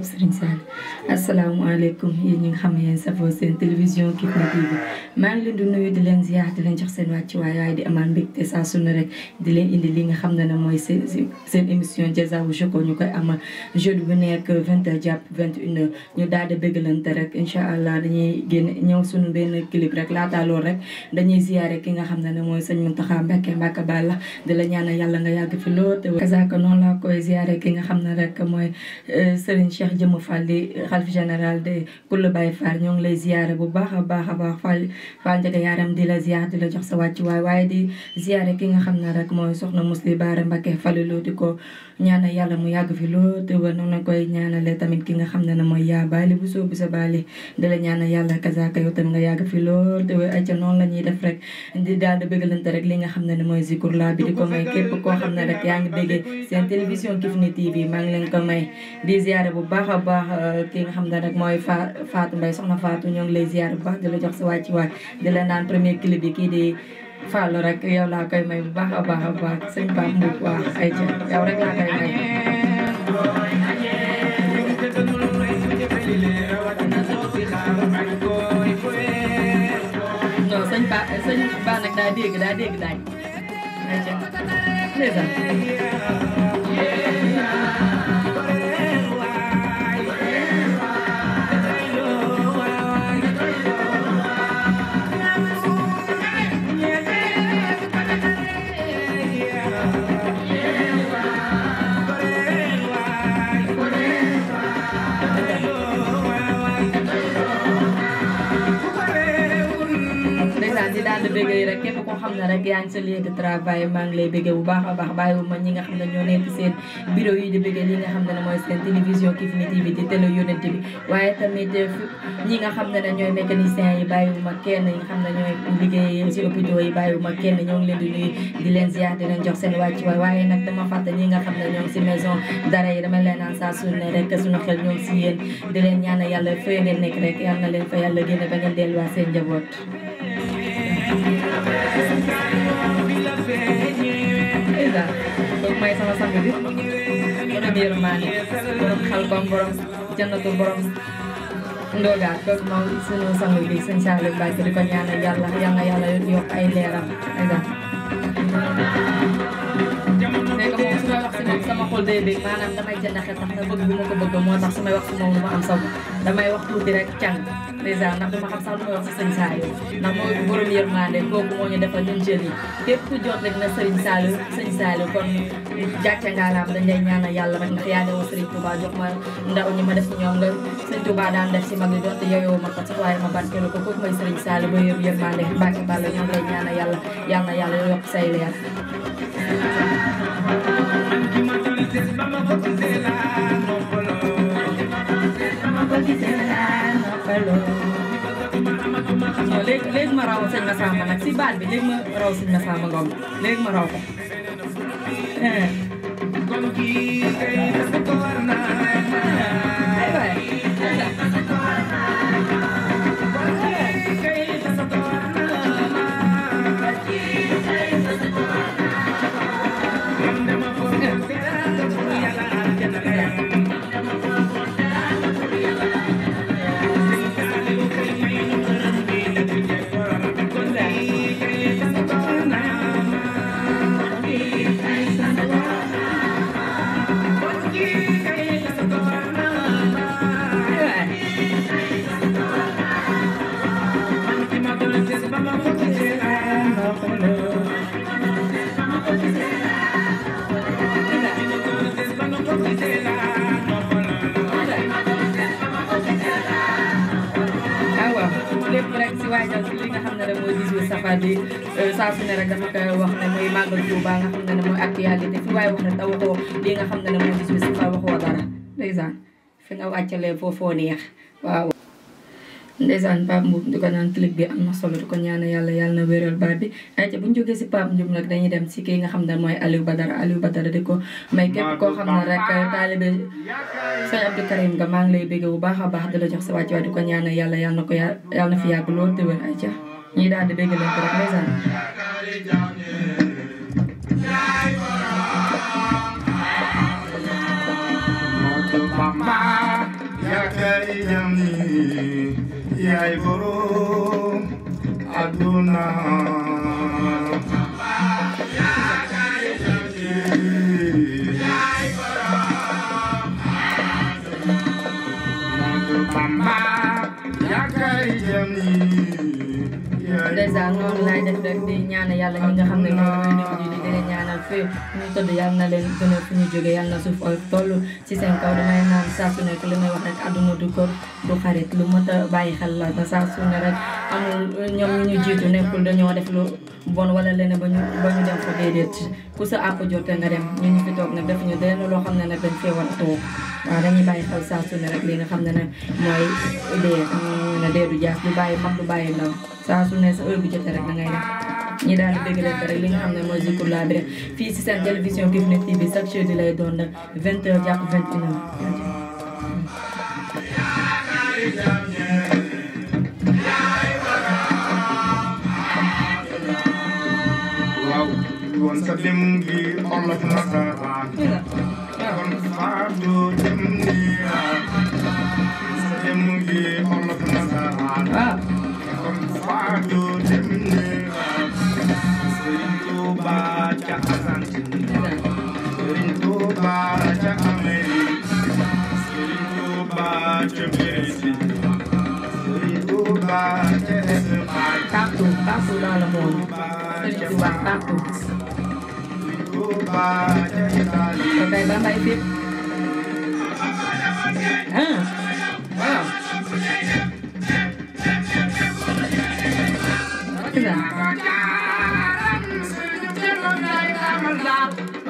keep sitting asalaamaaleykum yéen ñi nga xam ne yéen safoo seen télévision Kifne TV maa ngi leen di nuyu di leen ziar di leen jox seen wàcc waay waaye di amaan mbégte saa su ne rek di leen indi li nga xam ne ne mooy seen seen émission Diazawou Choco ñu koy amal jeudi bu nekk vingt heures jàpp vingt une heures ñu daal di bëggalante rek incha allah dañuy génn ñëw suñu benn clip rek laataa loolu rek dañuy ziare ki nga xam ne ne mooy sëñ Mountakha Mbacké Mbacké Balla di la ñaanal yàlla nga yàgg fi lool te kasaka noonu laa général de Kulu Baye Fall ñoo ngi lay ziare bu baax a baax a baax Fall Fall Ndiaga Yaram di la ziar di la jox sa wàccuwaay waaye di ziare ki nga xam ne rek mooy soxna Mously Bara Mbacké Falilou di ko. ñaanal yàlla mu yàgg fi lool te war na koy ñaana ñaanale tamit ki nga xam ne na mooy yaa bu soo bu sa baali di la ñaanal yàlla kasaaka yow tamit nga yàgg fi lool te ay ca noonu la ñuy def rek di daal di bëggalante rek li nga xam ne ne mooy Zikr la bi di ko xam ne rek yaa ngi déggee seen télévision Kifne TV maa ngi leen ko may di ziare bu baax a baax euh, ki nga xam ne rek mooy Fatou Mbaye soxna Fatou ñoo ngi lay ziare bu baax la jox sa wàcc waay di la kii di Fall rek yow laa koy may bu baax a baax a baax sëñ Pape Mboup waaw ay ca yow rek laa koy may non sëñ Ba sëñ Ba daa dégg daa dégg daaj ay ca xam ne rek yaa ngi sa lieu de travail maa ngi bu baax baax bàyyiwu ma ñi nga xam ne ñoo nekk seen bureau yi di béggee li nga xam ne ne mooy seen télévision Kifne TV di télé yonent bi waaye tamit eh, ñi nga xam ne ne ñooy mécaniciens yi bàyyiwu ma kenn ñi nga xam ne ñooy liggéey si hôpitaux yi bàyyiwu ma kenn ñoo leen di nuyu di leen ziar di leen jox seen wàcc waay waaye nag dama fàtte ñi nga xam ne ñoom si maison dara yi dama leen naan saa ne rek suñu xel ñoom si yéen di leen ñaanal yàlla fay ngeen nekk rek yàlla na leen fa yàlla génne ba ngeen delluwaat seen jaboot boog may sama sang bi borom yërmaane borom xalbam borom jannatu borom ndoogaat kooku moom sunu sang bi sëñ Saliou Mbacke di ko ñaanal yàlla yàlla yàlla yokk ay leeram ay xol day bëgg maanaam damay jëndaxee tax na bëgg bi ma ko bëgg moo tax su may wax si moom lu ma am saw damay wax tuuti rek càng dèjà ndax dama xam sax lu may wax si sëñ Saliou ndax mooy borom yërmande kooku moo ñu defal ñun jeunes yi képp ku jot rek na sëriñ Saliou sëñ Saliou kon jàcce ngaalaam dañ lay ñaanal yàlla rek ndax yaa dewoon sëriñ Touba jox ma ndaw ñi ma def si ñoom nga sëñ Touba daan def si mag yi doonte yoyoo ma ko sax waaye ma barkeelu ko kooku mooy sëriñ Saliou ba yëm yërmande bàkki bàll ñoom lay ñaanal yàlla yàlla yàlla yokk say leer léegi léegi ma raw sëñ Massamba nag si baat bi léegi ma raw sëñ Massamba Ngom léegi ma raw ko kon kii kay Moustapha di euh, saa su wax ne mooy màggal Tuuba nga xam ne mooy actualité fi waaye wax rek te waxoo lii nga xam ne mooy bis bi si fa waxoo dara naan clip bi am na solo di ko ñaan yàlla yàlla na wéral baat bi ayca bu ñu si Pape Mboup nag dañuy dem si kii nga xam ne mooy Aliou Badara ba Badara di ko may képp koo xam ne rek taalibe sëñ Abdou Karim nga maa ngi lay bégg bu baax a baax di la jox sa wàcc waaye di ko ñaan yàlla yàlla na ko yàlla na fi yàgg lool te wér ayca ñi daal di bégg leen ko rek ndeysaan yaay borom aduna rek di ñaan yàlla a nga xam ne ñoo ngi leen di di leen fi ñu tëdd yàlla na leen gën a ñu jógee yàlla na suuf oyof toll ci seen kaw damay naan saa su nekk li wax rek àdduna du ko du xarit lu mot a bàyyi xel la ba saa su ne rek amul ñoom dañoo def lu bon wala leneen ba ñu ba ñu dem fa déedéet ku sa àpp jote nga dem def ñu lenn loo xam ne nag a toog waaw dañuy bàyyi xel saa su ne rek li nga xam ne nag mooy dee xam ne dee du jaas du bàyyi mag du bàyyi ndaw saa su ne sa heure bi rek da ngay ñi daal di dégg leen rek li nga xam ne mooy Zikru la fii si seen télévision Kifne TV chaque jeudi lay doon nag 20h jàpp 21h. Wow, you want something to be on the Okay, bye bye, Pip. Ah, wow. Look at that.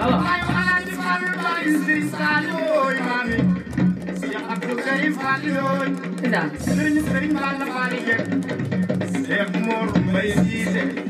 Oh. Look at that.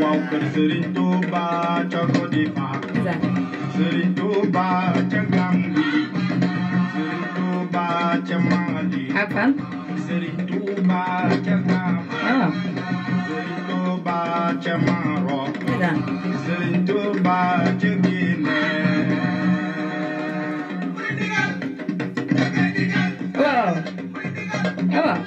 waaw waaw kër Serigne Touba ca Côte d'Ivoire Serigne Touba ca Gambie Serigne Touba ca Mali ak fan Serigne Touba ca Gambie ah. Serigne Touba ca Maroc Serigne Touba ca Guinée waaw waaw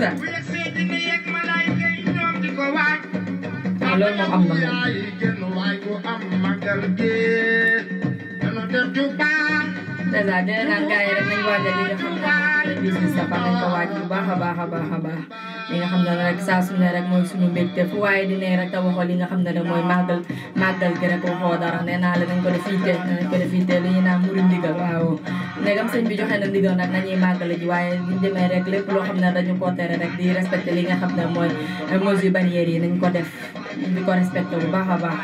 la loolu moom am na dèjà dina naan gars yi rek nañu waajal li nga xam ne business dafa nañ ko waaj bu baax a baax a baax a li xam na ne rek saa su ne rek mooy suñu mbégte fu waaye di ne rek te waxoo li nga xam ne rek mooy màggal màggal gi rek waxoo dara nee naa la nañ ko def yitte nañ ko def yitte li ñu naan muru ndigal waaw ndegam sëñ bi joxe na ndigal nag nañuy màggale ji waaye bu ñu demee rek lépp loo xam ne dañu ko tere rek di respecté li nga xam ne mooy mesures barrières yi nañ ko def di ko respecté bu baax a baax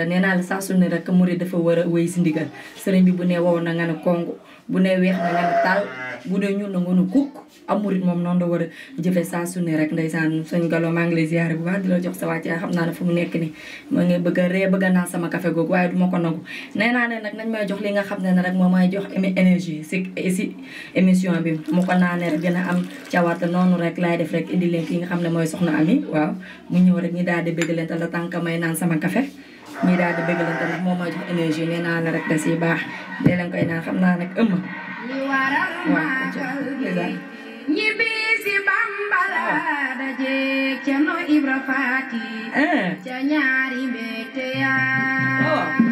la nee naa la saa su ne rek murid dafa war a wéy si ndigal sëriñ bi bu ne wow na nga ne kongu bu ne weex na nga ne taal bu dee ñun na nga ne kukk am moom noonu la war a saa su ne rek ndeysaan sëñ Gallo maa ngi lay ziare bu baax di jox sa wàcc xam naa ne fu nekk nii ma ngi bëgg a bëgg a sama café waaye du ma ko nangu nee naa ne nag nañ may jox li nga xam ne ne rek moom may jox énergie si si émission bi mu ko naa ne rek gën a am cawaata noonu rek laay def rek indi leen ki nga xam ne mooy soxna Ami waaw mu ñëw rek ñu daal di bëgg leen te la tànk may naan sama kafe ñuy daal di bëgg leen tamit moom mooy jox énergie nee naa ne rek da baax dee leen koy naan xam naa nag ëmm. waaw. ñibbi si bambala daje ca ñaari mbégte yaa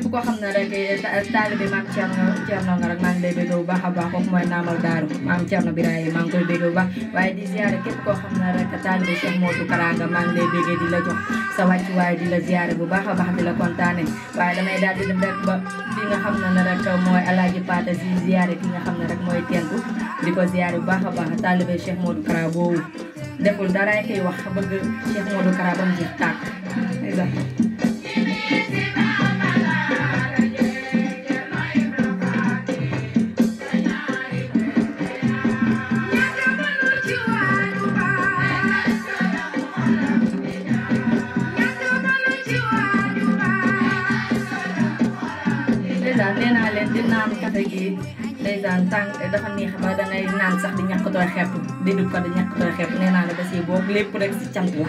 képp koo xam ne rek taalibe maam Thierno Thierno nga rek maa ngi lay bëgg bu baax a baax kooku mooy naamal daaru maam Thierno Birahim maa ngi koy bëgg bu baax waaye di ziare képp koo xam ne rek taalibe Cheikh Modou Karanga maa ngi lay bëggee di la jox sa wàccu waaye di la ziare bu baax a baax di la kontaane waaye damay daal di dem rek ba li nga xam ne rek mooy alaaji Pata si ziare ki nga xam ne rek mooy tenku di ko ziare bu baax a baax taalibe Cheikh Modou Kara boobu deful dara kay wax bëgg Cheikh Modou Kara ba mu jeex tàkk gi ndeysaan tàng dafa neex ba dangay naan sax di ñàkk tooy xepp di dugg ko di ñàkk tooy xepp nee la ba si boobu lépp rek si cant la.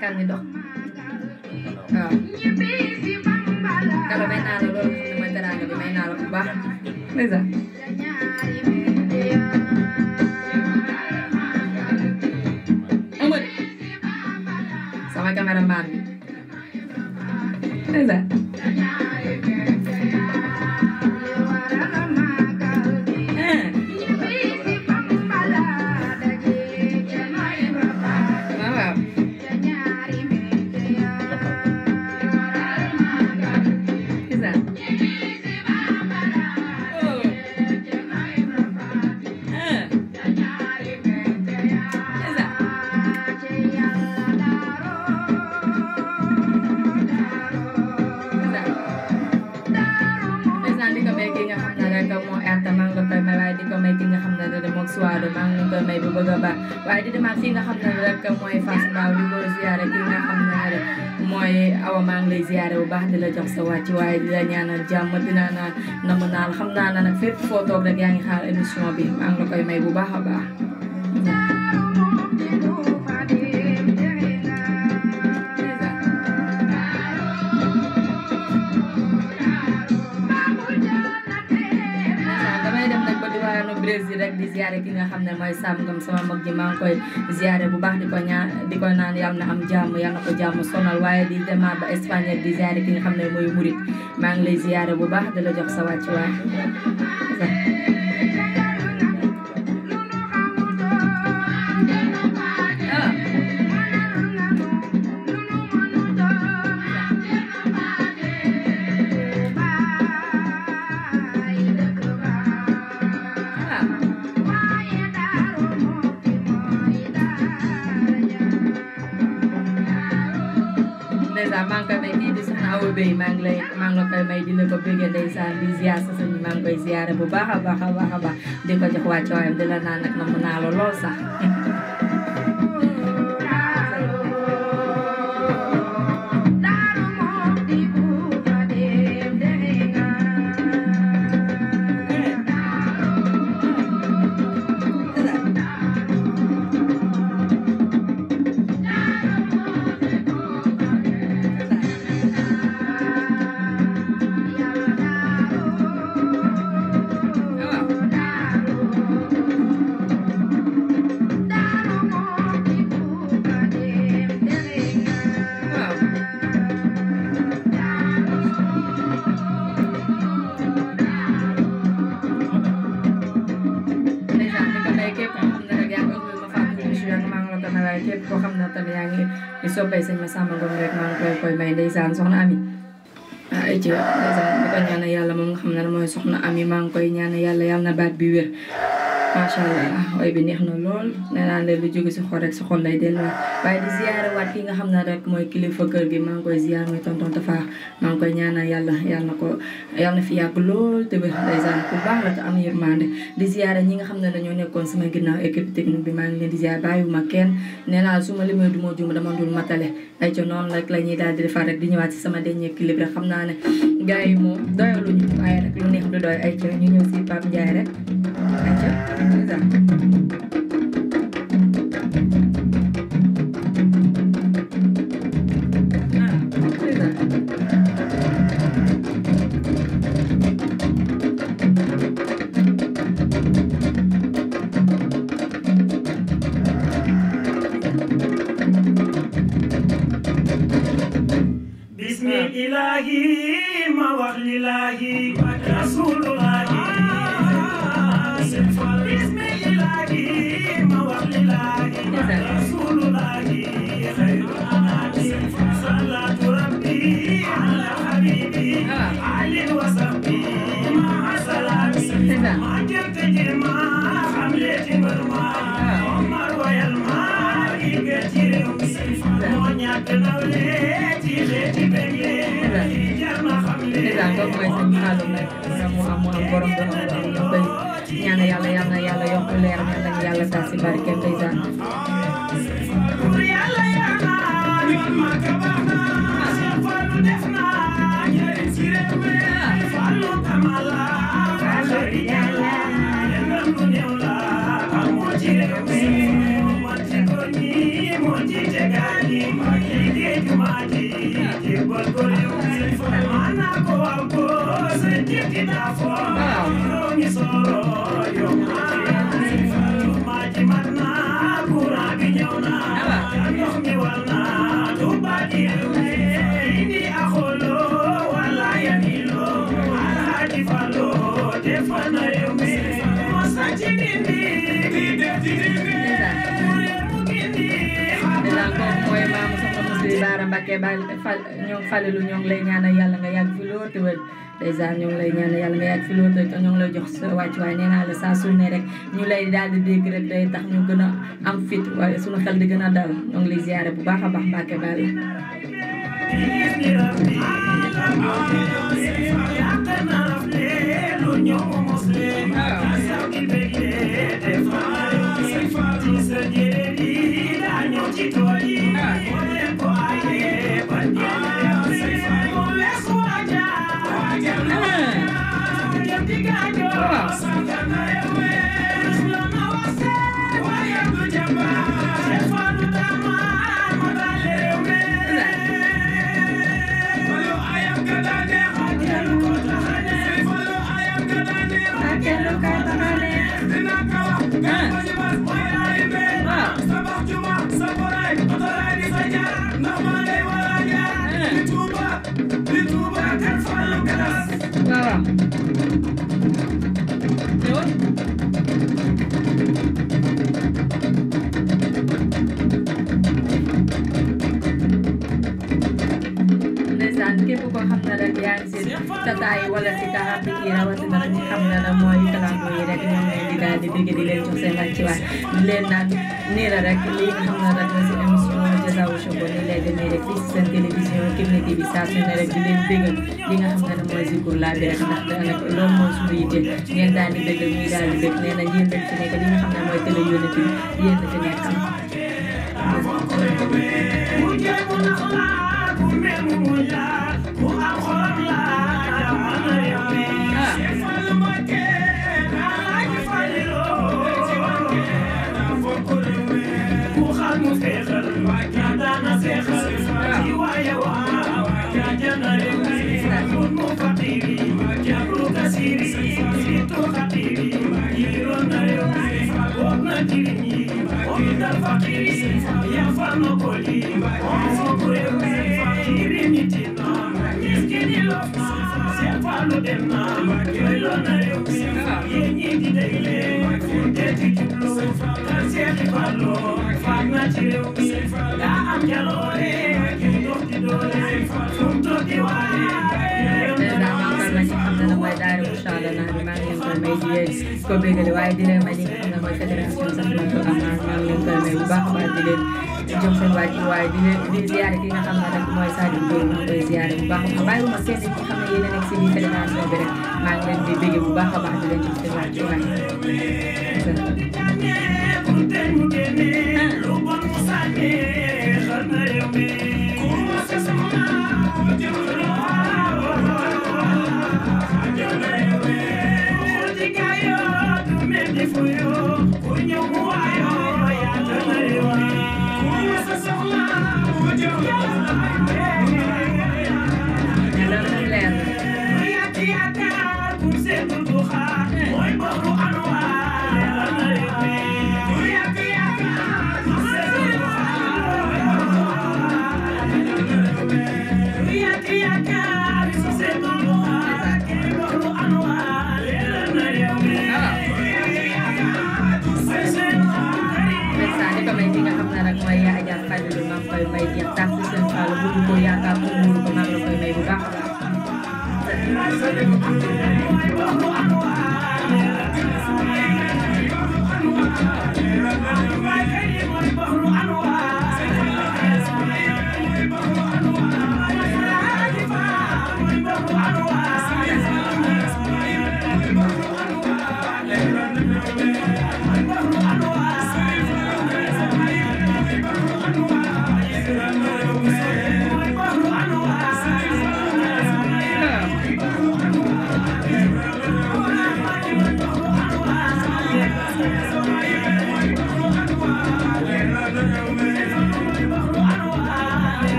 干领导。di la jox sa wàcc waaye di la ñaanal jàmm dinaa naan namm naa la xam naa ne nag fépp foo toog rek yaa ngi xaar émission bi maa ngi la koy may bu baax a baax. bi rek di ziare ki nga xam ne mooy Sam Ngom sama mag ji maa ngi koy ziare bu baax di ko ñaan di ko naan yàlla na am jàmm yàlla na ko jàmm sonal waaye di demaat ba Espagne di ziare ki nga xam ne mooy Murit maa ngi lay ziare bu baax di la jox sa wàccuwaay. Dara maa may kii di soxna Awa Bey maa ngi lay maa ngi la koy may dina ko bëggee ndeysaan di ziar sa sëñ maa ngi koy ziare bu baax a baax a baax a baax di ko jox wàccuwaayam di la naan nag na mu naa la lool soppay sëñ Massamba Ngom rek maa koy koy may ndeysaan soxna Ami ah ci ndeysaan di ko ñaanal yàlla moom nga xam ne mooy soxna Ami maa ngi koy ñaanal yàlla yàlla na baat bi wér macha allah way neex na lool nee naa leen lu jóge xol rek si xol lay delloo waaye di ziyaare nga xam ne rek mooy kilifa kër gi maa ngi koy ziyaar mooy tonton maa ngi koy ñaanal yàlla yàlla ko yàlla na fi yàgg lool te wér ndeysaan ku baax la di ziyaare ñi nga xam ne dañoo nekkoon sama ginnaaw équipe technique bi maa ngi leen di ziyaar bàyyiwuma kenn nee naa su ma limee du ma juum dama dul matale ay ca noonu rek la ñuy daal di defar di ñëwaat si sama dernier clip rek xam naa ne gars yi moom doyaluñu waaye rek lu neex du doy ay ñu ñëw si Pape Ndiaye rek tabii ki. Neden? Yalla yalla yalla yalla Baara Mbacke ba ñoom Falelu ñoo ngi lay ñaanal yàlla nga yàgg fi lool te wér dèjà ñu ngi lay ñaan yàlla nga yàgg fi loolu te lay jox sa wàccuwaay nee naa la saa su ne rek ñu lay daal di dégg rek day tax ñu gën a am fit waaye suñu xel di gën a dal ñu ngi lay ziare bu baax a baax Mbacke Balla xam na rek yaa ngi si tataay wala si kaxam bi kii rawatina rek xam na la mooy kalandoo yi rek ñoom ñooy di daal di dégg di leen jox seen wàccuwaay di leen naan nii la rek lii nga xam na rek la si émission Jazaawu Chukr ni lay demee rek fii si seen télévision Kifne TV saa su ne rek di leen bégal li nga xam ne mooy Zikr laa bi rek ndax daanaka loolu mooy suñu yitte ngeen daal di bégal ñuy daal di bég nee na yéen dañ fi nekk li nga xam ne mooy télé yónni bi yéen a fi nekkal Mujhe mujhe kirmi o minda fakiri ya farno koli o fo kurembe kirmi tina miskini lofna se falo demna yoylo na yobe ye nyidi dele funde tikiblo kansieli falo fagna chirewi da am jalore kidoti dole funto diware ko ɓeygale wawi dilema ni fédération bi ñu ko amal maa ngi leen koy nuyu bu baax a baax di leen jëm seen waay ci waaye di leen di ziare ki nga xam ne rek mooy Sadio Dóor maa ngi koy ziare bu baax a baax bàyyi ma seen ñi xam ne yéen a nekk si biir fédération bi rek maa ngi leen di béggee bu baax a baax di leen jëm seen waay ci waay ah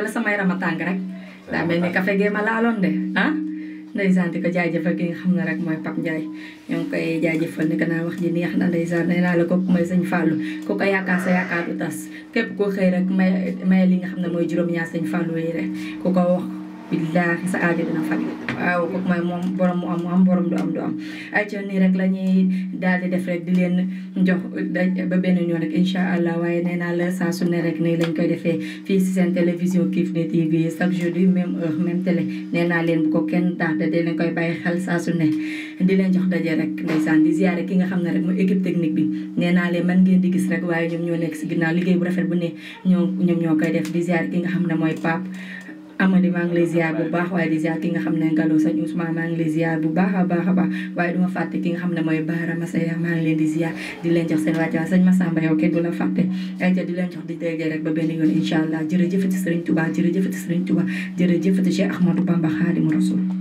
pala samay rama tàng rek daa mel ni café gee ma laaloon de ah ndeysaan di ko jaajëfal ki nga xam ne rek mooy Pape Ndiaye ñoo ngi koy jaajëfal ni ko naan wax ji neex na ndeysaan nee naa la kooku mooy sëñ Fallou ku ko yaakaar sa yaakaar du tas képp koo xëy rek may may li nga xam ne mooy juróom-ñaar sëñ Fallou yi rek ku ko wax billaahi sa aajo dina waaw mooy moom borom mu am mu am borom du am du ay ci nii rek la ñuy daal di def rek di leen jox ba benn ñoo rek incha allah waaye nee naa la saa rek nii koy defee fii si seen télévision Kifne TV chaque jour du même heure même télé nee naa leen bu ko ken tax te dinañ koy bàyyi xel saa su ne di leen jox daje rek ndeysaan di ziare ki nga xam ne rek mooy équipe technique bi nee naa man ngeen di gis rek waaye ñoom ñoo nekk si ginnaaw liggéey bu rafet bu ne ñoo ñoom ñoo koy def di ki nga xam ne mooy Pape Amady maa ngi lay ziar bu baax waaye di ziar ki nga xam ne Gallo Sëñ Ousmane maa ngi bu baax a baax a baax waaye duma fàtte ki nga xam ne mooy Baara Masaya maa ngi leen di ziar di leen jox seen wàccuwaay sëñ Massamba yow kenn du la fàtte ay ca di leen jox di déggee rek ba benn yoon incha allah jërëjëfati Serigne Touba jërëjëfati Serigne Touba jërëjëfati Cheikh Ahmadou Bamba Khadimou Rassoul